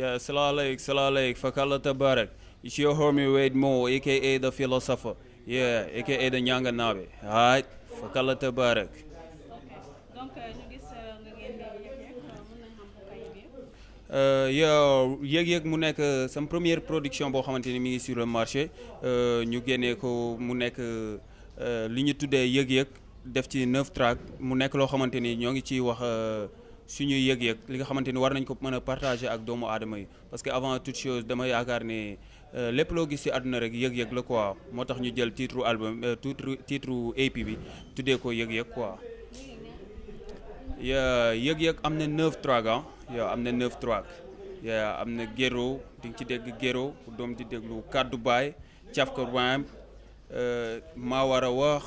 Yeah, Salah Lake, Salah Lake, Fakala Tabarak. It's your homie Wade Moore, aka the philosopher. Yeah, aka the Nyanga Nabi. Alright, Fakala Tabarak. Donc nous uh, yeg mu nekk uh, sam première production boo xamante ni mi ngi sur le marché uh, ñu génnee ko mu nekk li ñu tuddee yëg-yëg def ci neuf track mu nekk loo xamante ni ñoo ngi ciy que. suñuy yëg-yëg li nga xamante ni war nañ ko mën a partager ak doomu aadama yi parce que avant toute chose dama yaakaar ne lépp loo gis ci àdduna rek yëg-yëg la quoi moo tax ñu jël titre album titre titre EP bi tuddee ko yëg-yëg quoi. yëg-yëg am na neuf track ah yow am na neuf track yaa am na géro di nga ci dégg géro doom di déglu kàddu baay caf ko maam maa war a wax.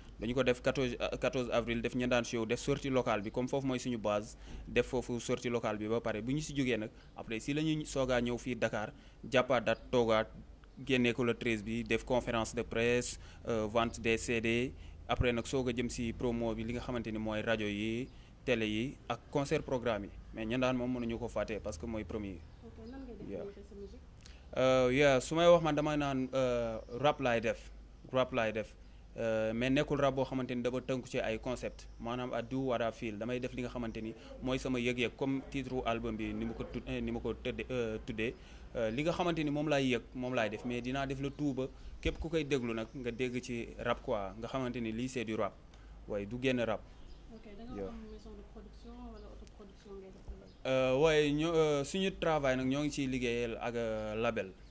dañu ko def 14 14 euh, avril def ñendaan show def sortie locale bi comme fofu moy suñu base def fofu sortie locale bi ba paré buñu ñu si jógee nag après si lañu soga ñew fi Dakar jàppaat dat toga génné ko le 13 bi def conférence de presse euh, vente des CD après nak soga jëm ci promo bi li nga xamanteni moy radio yi télé yi ak concert programme yi mais ñendaan moom mënuñu ko faté parce que moy premier. Euh, yeah, sumay wax man dama naan euh, rap lay def rap lay def. Euh, mais nekkul rab boo xamante ni dafa tënku ci ay concept maanaam a do a fiil damay def li nga xamante ni mooy sama yëg-yëg comme titre album bi ni ma ko tud ni ma ko tëdde euh, tuddee euh, li nga xamante ni moom laay yëg moom laay def mais dinaa def la tuuba képp ku koy déglu nag nga dégg ci rap quoi nga xamante ni lii c'est du waaye du génn rap. ok da nga waaye suñu travail nag ñoo ngi ciy liggéeyal ak label.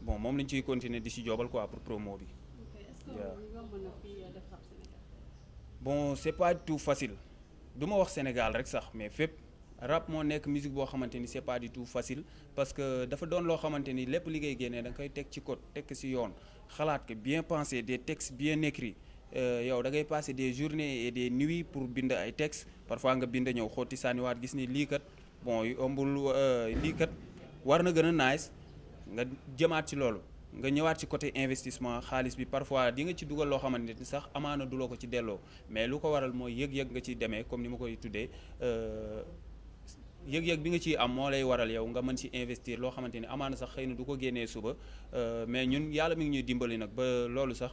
bon mom lañ ciy continuer di si joobal quoi pour promo bi. Euh, bon c'est pas du tout facile duma wax Sénégal rek sax mais fep rap mo nek musique bo xamanteni c'est pas du tout facile parce que dafa don lo xamanteni lepp ligay li ngay da nga koy teg ci code tek ci yoon xalaat que bien pensé des textes bien écrits euh, yow da ngay passer des journées et des nuits pour bind ay textes parfois nga bind ñëw xotti sànniwaat gis ni li kat bon yombul euh, li kat war na gëna nice nga jëmaat ci loolu nga ñëwaat ci côté investissement xaalis bi parfois dinga ci dugal loo xamante ni sax amaana duloo ko ci delloo mais lu ko waral mooy yëg-yëg nga ciy demee comme ni ma koy tuddee euh, yëg-yëg bi nga ciy am moo lay waral yow nga mën ci investir loo xamante ni amaana sax xëy na du ko génnee suba euh, mais ñun yàlla mi ngi ñuy dimbali nag ba loolu sax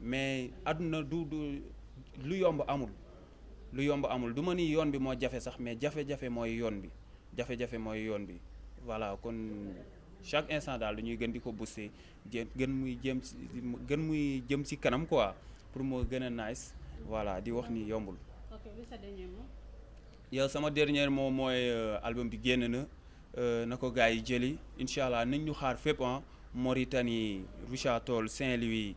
mais àdduna du du lu yomb amul lu yomb amul du ma ni yoon bi moo jafe sax mais jafe-jafe mooy yoon bi jafe-jafe mooy yoon bi voilà kon chaque instant daal du ñuy gën di ko booster jë gën muy jëm si gën muy jëm si kanam quoi pour moo gën a nice voilà di wax ni yombul. ok yow sama dernier moom mooy euh, album bi génn na euh, na ko gars yi jëli incha allah nañ ñu xaar fépp ah Mauritanie Richard Toll Saint-Louis.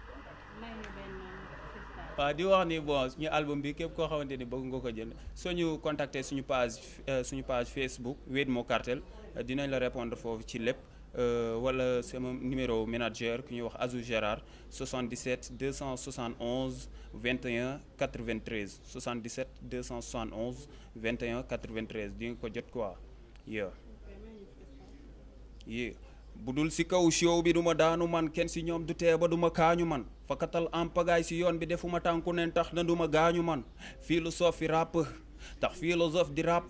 waaw di wax ni bon suñu album bi képp koo xamante ni bëgg nga ko jël soo ñu contacter suñu page euh, suñu page Facebook Wed Mo Cartel euh, dinañ la répondre foofu ci lépp euh, wala sama numéro manager ku ñuy wax Azou Gérard 77 271 21 93 77 271 21 93 di nga ko jot quoi yeah yeah bu dul si kaw show bi duma daanu man kenn si ñoom du tee ba du kaañu man fakatal am pagaay si yoon bi defuma tànku neen tax na du ma gaañu man philosophe fi ràpp tax philosophe di ràpp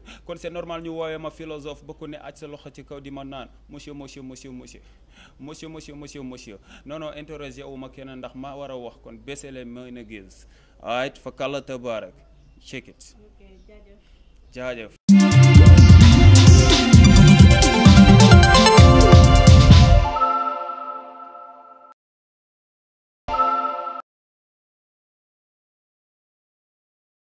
kon c'est normal ñu woyé ma philosophe ba ne acc loxo ci kaw di ma naan monsieur monsieur monsieur monsieur monsieur monsieur monsieur monsieur non non interroger wu ma kenn ndax ma wara wax kon baissez les mains na gis alright fa kala tabarak check it okay jaajëf